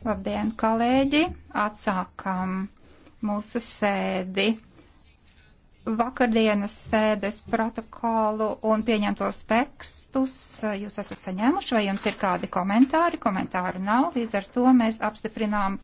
Labdien, kolēģi! Atsākam mūsu sēdi. Vakardienas sēdes protokolu un pieņemtos tekstus jūs esat saņēmuši, vai jums ir kādi komentāri? Komentāru nav, līdz ar to mēs apstiprinām